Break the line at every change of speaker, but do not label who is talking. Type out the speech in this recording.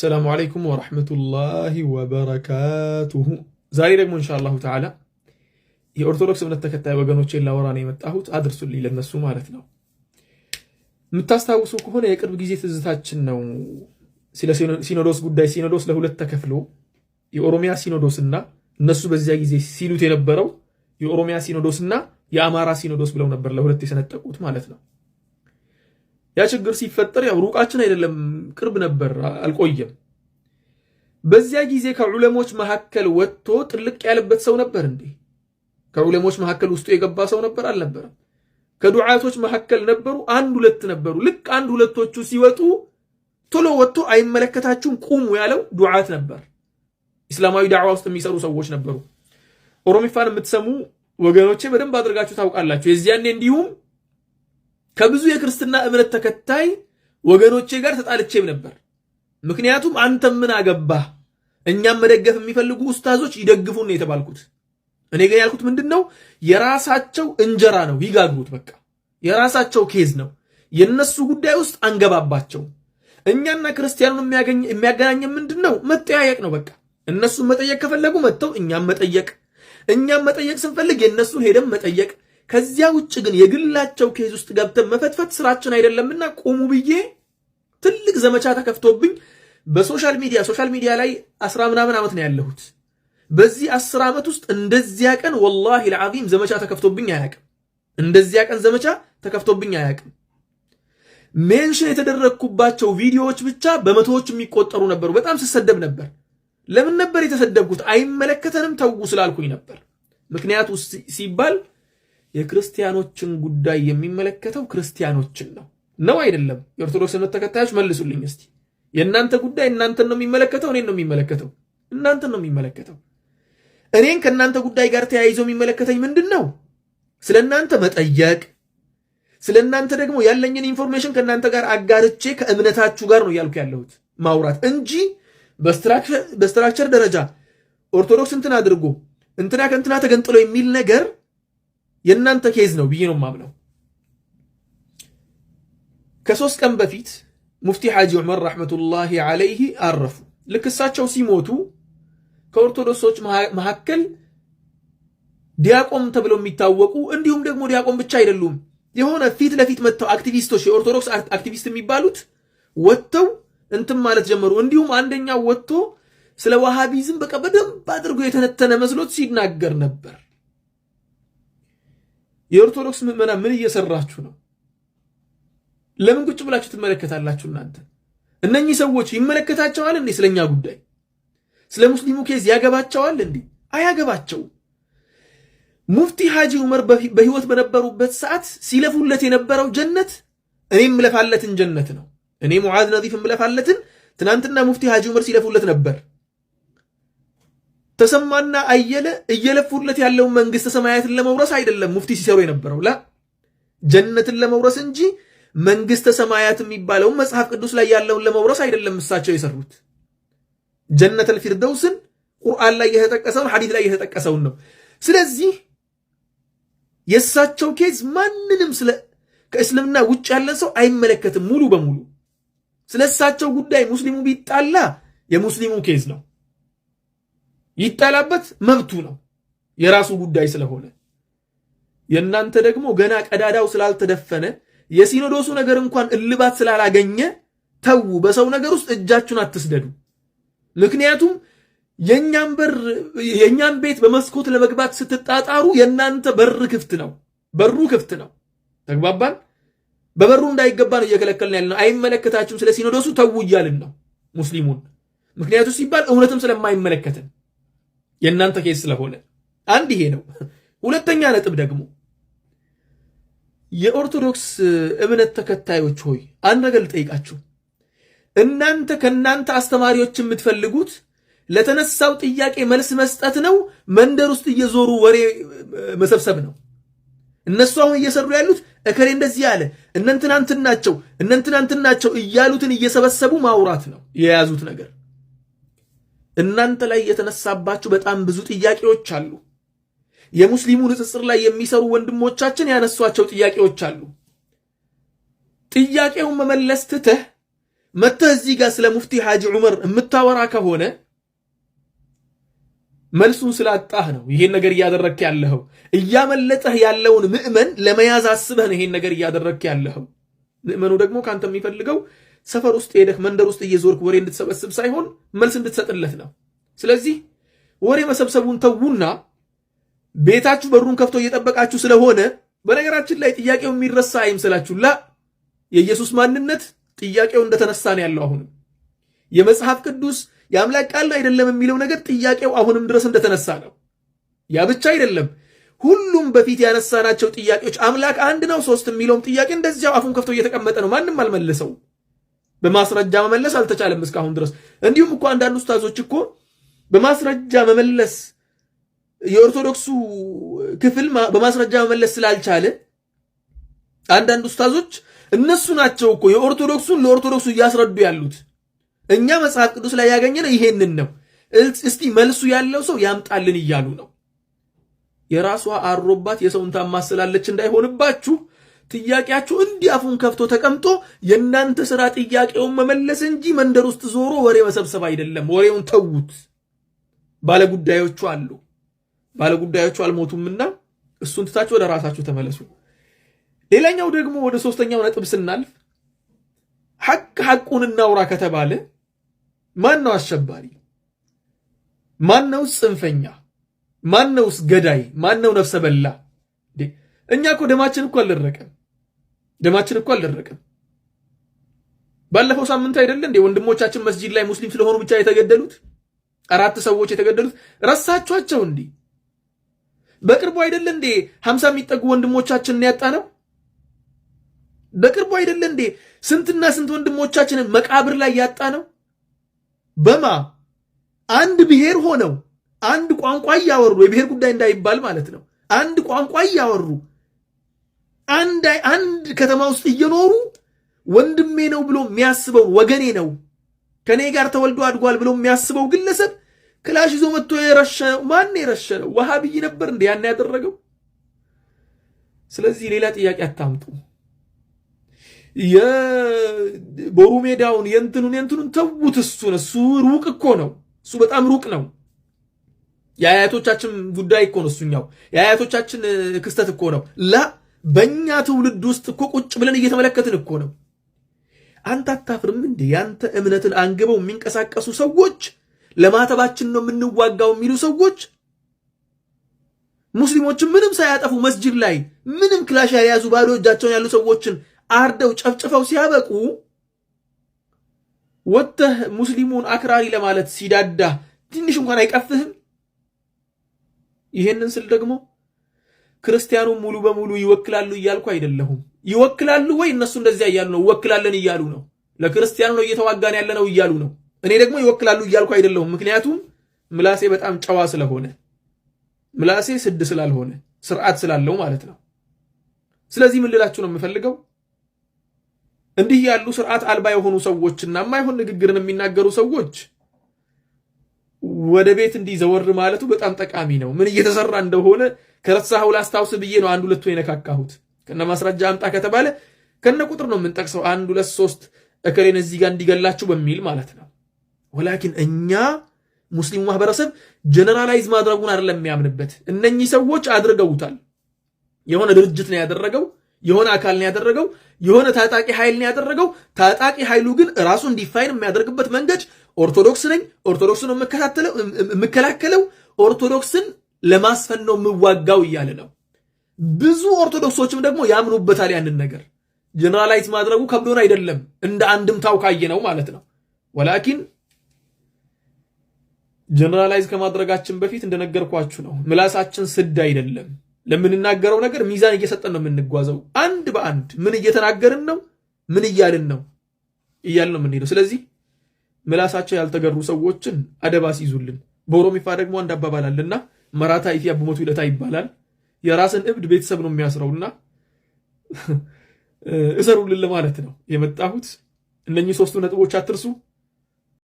ሰላሙ ዓለይኩም ወረሕመቱላሂ ወበረካቱሁ። ዛሬ ደግሞ እንሻአላሁ ተዓላ የኦርቶዶክስ እምነት ተከታይ ወገኖቼን ላወራ ነው የመጣሁት። አድርሱልኝ ለነሱ ማለት ነው። የምታስታውሱ ከሆነ የቅርብ ጊዜ ትዝታችን ነው ስለ ሲኖዶስ ጉዳይ ሲኖዶስ ለሁለት ተከፍሎ የኦሮሚያ ሲኖዶስ እና እነሱ በዚያ ጊዜ ሲሉት የነበረው የኦሮሚያ ሲኖዶስ እና የአማራ ሲኖዶስ ብለው ነበር ለሁለት የሰነጠቁት ማለት ነው። ያ ችግር ሲፈጠር ያው ሩቃችን አይደለም ቅርብ ነበር፣ አልቆየም። በዚያ ጊዜ ከዑለሞች መካከል ወጥቶ ጥልቅ ያለበት ሰው ነበር እንዴ? ከዑለሞች መካከል ውስጡ የገባ ሰው ነበር አልነበረም? ከዱዓቶች መካከል ነበሩ፣ አንድ ሁለት ነበሩ። ልክ አንድ ሁለቶቹ ሲወጡ ቶሎ ወጥቶ አይመለከታችሁም ቁሙ ያለው ዱዓት ነበር። ኢስላማዊ ዳዕዋ ውስጥ የሚሰሩ ሰዎች ነበሩ። ኦሮሚፋን የምትሰሙ ወገኖቼ በደንብ አድርጋችሁ ታውቃላችሁ። የዚያኔ እንዲሁም ከብዙ የክርስትና እምነት ተከታይ ወገኖቼ ጋር ተጣልቼም ነበር። ምክንያቱም አንተ ምን አገባህ፣ እኛም መደገፍ የሚፈልጉ ኡስታዞች ይደግፉን የተባልኩት። እኔ ግን ያልኩት ምንድን ነው፣ የራሳቸው እንጀራ ነው፣ ይጋግሩት። በቃ የራሳቸው ኬዝ ነው፣ የነሱ ጉዳይ ውስጥ አንገባባቸው። እኛና ክርስቲያኑን የሚያገናኘን ምንድን ነው? መጠያየቅ ነው። በቃ እነሱን መጠየቅ ከፈለጉ መጥተው እኛም መጠየቅ፣ እኛም መጠየቅ ስንፈልግ የእነሱን ሄደን መጠየቅ ከዚያ ውጭ ግን የግላቸው ኬዝ ውስጥ ገብተን መፈትፈት ስራችን አይደለምና ቁሙ ብዬ ትልቅ ዘመቻ ተከፍቶብኝ በሶሻል ሚዲያ ሶሻል ሚዲያ ላይ አስራ ምናምን ዓመት ነው ያለሁት። በዚህ አስር ዓመት ውስጥ እንደዚያ ቀን ወላሂ ለዓዚም ዘመቻ ተከፍቶብኝ አያቅም። እንደዚያ ቀን ዘመቻ ተከፍቶብኝ አያቅም። ሜንሽን የተደረግኩባቸው ቪዲዮዎች ብቻ በመቶዎች የሚቆጠሩ ነበሩ። በጣም ስሰደብ ነበር። ለምን ነበር የተሰደብኩት? አይመለከተንም ተው ስላልኩኝ ነበር። ምክንያቱ ሲባል የክርስቲያኖችን ጉዳይ የሚመለከተው ክርስቲያኖችን ነው ነው አይደለም? የኦርቶዶክስ እምነት ተከታዮች መልሱልኝ እስቲ። የእናንተ ጉዳይ እናንተን ነው የሚመለከተው? እኔን ነው የሚመለከተው? እናንተን ነው የሚመለከተው። እኔን ከእናንተ ጉዳይ ጋር ተያይዞ የሚመለከተኝ ምንድን ነው? ስለ እናንተ መጠየቅ፣ ስለ እናንተ ደግሞ ያለኝን ኢንፎርሜሽን ከእናንተ ጋር አጋርቼ ከእምነታችሁ ጋር ነው እያልኩ ያለሁት ማውራት እንጂ በስትራክቸር ደረጃ ኦርቶዶክስ እንትን አድርጎ እንትና ከእንትና ተገንጥሎ የሚል ነገር የእናንተ ኬዝ ነው ብዬ ነው የማምነው። ከሶስት ቀን በፊት ሙፍቲ ሓጂ ዑመር ረሕመቱላሂ ዓለይሂ አረፉ። ልክ እሳቸው ሲሞቱ ከኦርቶዶክሶች መካከል ዲያቆን ተብለው የሚታወቁ እንዲሁም ደግሞ ዲያቆን ብቻ አይደሉም፣ የሆነ ፊት ለፊት መጥተው አክቲቪስቶች፣ የኦርቶዶክስ አክቲቪስት የሚባሉት ወጥተው እንትም ማለት ጀመሩ። እንዲሁም አንደኛው ወጥቶ ስለ ዋሃቢዝም በቃ በደንብ አድርጎ የተነተነ መስሎት ሲናገር ነበር። የኦርቶዶክስ ምእመና ምን እየሰራችሁ ነው? ለምን ቁጭ ብላችሁ ትመለከታላችሁ? እናንተ እነኚህ ሰዎች ይመለከታቸዋል እንዴ? ስለኛ ጉዳይ ስለ ሙስሊሙ ኬዝ ያገባቸዋል እንዴ? አያገባቸውም። ሙፍቲ ሐጂ ዑመር በህይወት በነበሩበት ሰዓት ሲለፉለት የነበረው ጀነት እኔም ምለፋለትን ጀነት ነው። እኔ ሙዓዝ ነዚፍ ምለፋለትን ትናንትና ሙፍቲ ሐጂ ዑመር ሲለፉለት ነበር። ተሰማና አየለ እየለፉለት ያለውን መንግስተ ሰማያትን ለመውረስ አይደለም ሙፍቲ ሲሰሩ የነበረው ላ ጀነትን ለመውረስ እንጂ መንግስተ ሰማያት የሚባለውን መጽሐፍ ቅዱስ ላይ ያለውን ለመውረስ አይደለም እሳቸው የሰሩት። ጀነት ፊርደውስን ቁርአን ላይ የተጠቀሰውን ሐዲስ ላይ የተጠቀሰውን ነው። ስለዚህ የእሳቸው ኬዝ ማንንም ስለ ከእስልምና ውጭ ያለን ሰው አይመለከትም ሙሉ በሙሉ። ስለ እሳቸው ጉዳይ ሙስሊሙ ቢጣላ የሙስሊሙ ኬዝ ነው። ይጣላበት መብቱ ነው፣ የራሱ ጉዳይ ስለሆነ። የእናንተ ደግሞ ገና ቀዳዳው ስላልተደፈነ የሲኖዶሱ ነገር እንኳን እልባት ስላላገኘ ተዉ፣ በሰው ነገር ውስጥ እጃችሁን አትስደዱ። ምክንያቱም የእኛን በር የእኛን ቤት በመስኮት ለመግባት ስትጣጣሩ የእናንተ በር ክፍት ነው፣ በሩ ክፍት ነው። ተግባባን? በበሩ እንዳይገባ ነው እየከለከልን ያለ ነው። አይመለከታችሁም፣ ስለ ሲኖዶሱ ተዉ እያልን ነው ሙስሊሙን። ምክንያቱ ሲባል እውነትም ስለማይመለከትን የእናንተ ኬስ ስለሆነ አንድ ይሄ ነው። ሁለተኛ ነጥብ ደግሞ የኦርቶዶክስ እምነት ተከታዮች ሆይ አንድ ነገር ልጠይቃችሁ። እናንተ ከእናንተ አስተማሪዎች የምትፈልጉት ለተነሳው ጥያቄ መልስ መስጠት ነው፣ መንደር ውስጥ እየዞሩ ወሬ መሰብሰብ ነው። እነሱ አሁን እየሰሩ ያሉት እከሌ እንደዚህ አለ፣ እነንትናንትን ናቸው እነንትናንትን ናቸው እያሉትን እየሰበሰቡ ማውራት ነው የያዙት ነገር እናንተ ላይ የተነሳባችሁ በጣም ብዙ ጥያቄዎች አሉ። የሙስሊሙ ንጽጽር ላይ የሚሰሩ ወንድሞቻችን ያነሷቸው ጥያቄዎች አሉ። ጥያቄውን መመለስ ትተህ መተህ እዚህ ጋር ስለ ሙፍቲ ሐጂ ዑመር የምታወራ ከሆነ መልሱን ስላጣህ ነው ይሄን ነገር እያደረግክ ያለኸው። እያመለጠህ ያለውን ምዕመን ለመያዝ አስበህ ነው ይሄን ነገር እያደረግክ ያለኸው። ምዕመኑ ደግሞ ካንተ የሚፈልገው ሰፈር ውስጥ ሄደህ መንደር ውስጥ እየዞርክ ወሬ እንድትሰበስብ ሳይሆን መልስ እንድትሰጥለት ነው። ስለዚህ ወሬ መሰብሰቡን ተዉና ቤታችሁ በሩን ከፍቶ እየጠበቃችሁ ስለሆነ በነገራችን ላይ ጥያቄው የሚረሳ አይምሰላችሁላ። የኢየሱስ ማንነት ጥያቄው እንደተነሳ ነው ያለው። አሁንም የመጽሐፍ ቅዱስ የአምላክ ቃል አይደለም የሚለው ነገር ጥያቄው አሁንም ድረስ እንደተነሳ ነው። ያ ብቻ አይደለም። ሁሉም በፊት ያነሳናቸው ጥያቄዎች አምላክ አንድ ነው ሶስት የሚለውም ጥያቄ እንደዚያው አፉን ከፍቶ እየተቀመጠ ነው። ማንም አልመለሰው። በማስረጃ መመለስ አልተቻለም እስካሁን ድረስ። እንዲሁም እኮ አንዳንድ ኡስታዞች እኮ በማስረጃ መመለስ የኦርቶዶክሱ ክፍል በማስረጃ መመለስ ስላልቻለ አንዳንድ ኡስታዞች እነሱ ናቸው እኮ የኦርቶዶክሱን ለኦርቶዶክሱ እያስረዱ ያሉት። እኛ መጽሐፍ ቅዱስ ላይ ያገኘነው ይሄንን ነው፣ እስቲ መልሱ ያለው ሰው ያምጣልን እያሉ ነው። የራሷ አሮባት የሰውን ታማስላለች እንዳይሆንባችሁ ጥያቄያችሁ እንዲህ አፉን ከፍቶ ተቀምጦ የእናንተ ስራ ጥያቄውን መመለስ እንጂ መንደር ውስጥ ዞሮ ወሬ መሰብሰብ አይደለም። ወሬውን ተዉት። ባለጉዳዮቹ አሉ፣ ባለጉዳዮቹ አልሞቱምና እሱን ትታችሁ ወደ ራሳችሁ ተመለሱ። ሌላኛው ደግሞ ወደ ሶስተኛው ነጥብ ስናልፍ ሐቅ ሐቁን እናውራ ከተባለ ማን ነው አሸባሪ? ማን ነውስ ጽንፈኛ? ማን ነውስ ገዳይ? ማን ነው ነፍሰ በላ? እኛ እኮ ደማችን እኮ አልደረቀም። ደማችን እኮ አልደረቀም። ባለፈው ሳምንት አይደለ እንዴ ወንድሞቻችን መስጂድ ላይ ሙስሊም ስለሆኑ ብቻ የተገደሉት አራት ሰዎች የተገደሉት ረሳችኋቸው? እንዴ? በቅርቡ አይደለ እንዴ ሀምሳ የሚጠጉ ወንድሞቻችንን ያጣ ነው። በቅርቡ አይደለ እንዴ ስንትና ስንት ወንድሞቻችንን መቃብር ላይ ያጣ ነው። በማ አንድ ብሔር ሆነው አንድ ቋንቋ እያወሩ የብሔር ጉዳይ እንዳይባል ማለት ነው። አንድ ቋንቋ እያወሩ አንድ አንድ ከተማ ውስጥ እየኖሩ ወንድሜ ነው ብሎ የሚያስበው ወገኔ ነው ከኔ ጋር ተወልዶ አድጓል ብሎ የሚያስበው ግለሰብ ክላሽ ይዞ መጥቶ የረሸነው ማን የረሸነው? ወሃብይ ነበር እንዲ ያን ያደረገው። ስለዚህ ሌላ ጥያቄ አታምጡ። የቦሩ ሜዳውን የንትኑን የንትኑን ተዉት። እሱን እሱ ሩቅ እኮ ነው። እሱ በጣም ሩቅ ነው። የአያቶቻችን ጉዳይ እኮ ነው እሱኛው። የአያቶቻችን ክስተት እኮ ነው ላ በእኛ ትውልድ ውስጥ እኮ ቁጭ ብለን እየተመለከትን እኮ ነው። አንተ አታፍርም እንዴ? ያንተ እምነትን አንግበው የሚንቀሳቀሱ ሰዎች ለማተባችን ነው የምንዋጋው የሚሉ ሰዎች ሙስሊሞችን ምንም ሳያጠፉ መስጂድ ላይ ምንም ክላሽ ያልያዙ ባዶ እጃቸውን ያሉ ሰዎችን አርደው ጨፍጭፈው ሲያበቁ ወጥተህ ሙስሊሙን አክራሪ ለማለት ሲዳዳ ትንሽ እንኳን አይቀፍህም? ይሄንን ስል ደግሞ ክርስቲያኑን ሙሉ በሙሉ ይወክላሉ እያልኩ አይደለሁም። ይወክላሉ ወይ እነሱ እንደዚያ እያሉ ነው። ይወክላለን እያሉ ነው። ለክርስቲያኑ ነው እየተዋጋን ያለ ነው እያሉ ነው። እኔ ደግሞ ይወክላሉ እያልኩ አይደለሁም። ምክንያቱም ምላሴ በጣም ጨዋ ስለሆነ ምላሴ ስድ ስላልሆነ ስርዓት ስላለው ማለት ነው። ስለዚህ ምን ልላችሁ ነው የምፈልገው እንዲህ ያሉ ስርዓት አልባ የሆኑ ሰዎችና የማይሆን ንግግርን የሚናገሩ ሰዎች ወደ ቤት እንዲዘወር ማለቱ በጣም ጠቃሚ ነው። ምን እየተሰራ እንደሆነ ከረሳኸው ላስታውስ ብዬ ነው አንድ ሁለቱ የነካካሁት። ከነ ማስረጃ አምጣ ከተባለ ከነ ቁጥር ነው የምንጠቅሰው። አንድ ሁለት ሶስት እከሌን እዚህ ጋር እንዲገላችሁ በሚል ማለት ነው። ወላኪን እኛ ሙስሊሙ ማህበረሰብ ጀነራላይዝ ማድረጉን አይደለም የሚያምንበት። እነኚህ ሰዎች አድርገውታል። የሆነ ድርጅት ነው ያደረገው፣ የሆነ አካል ነው ያደረገው፣ የሆነ ታጣቂ ኃይል ነው ያደረገው። ታጣቂ ኃይሉ ግን ራሱ እንዲፋይን የሚያደርግበት መንገድ ኦርቶዶክስ ነኝ፣ ኦርቶዶክስ ነው የምከላከለው፣ ኦርቶዶክስን ለማስፈን ነው የምዋጋው እያለ ነው። ብዙ ኦርቶዶክሶችም ደግሞ ያምኑበታል። ያንን ነገር ጀነራላይዝ ማድረጉ ከብዶን አይደለም፣ እንደ አንድምታው ካየ ነው ማለት ነው። ወላኪን ጀነራላይዝ ከማድረጋችን በፊት እንደነገርኳችሁ ነው፣ ምላሳችን ስድ አይደለም። ለምንናገረው ነገር ሚዛን እየሰጠን ነው የምንጓዘው። አንድ በአንድ ምን እየተናገርን ነው፣ ምን እያልን ነው እያልን ነው የምንሄደው። ስለዚህ ምላሳቸው ያልተገሩ ሰዎችን አደባ ሲይዙልን በኦሮሚፋ ደግሞ አንድ አባባል አለና መራታ ይፊ አብሞቱ ይለታ ይባላል። የራስን እብድ ቤተሰብ ነው የሚያስረውና እሰሩልን ለማለት ነው የመጣሁት። እነኚህ ሶስቱ ነጥቦች አትርሱ።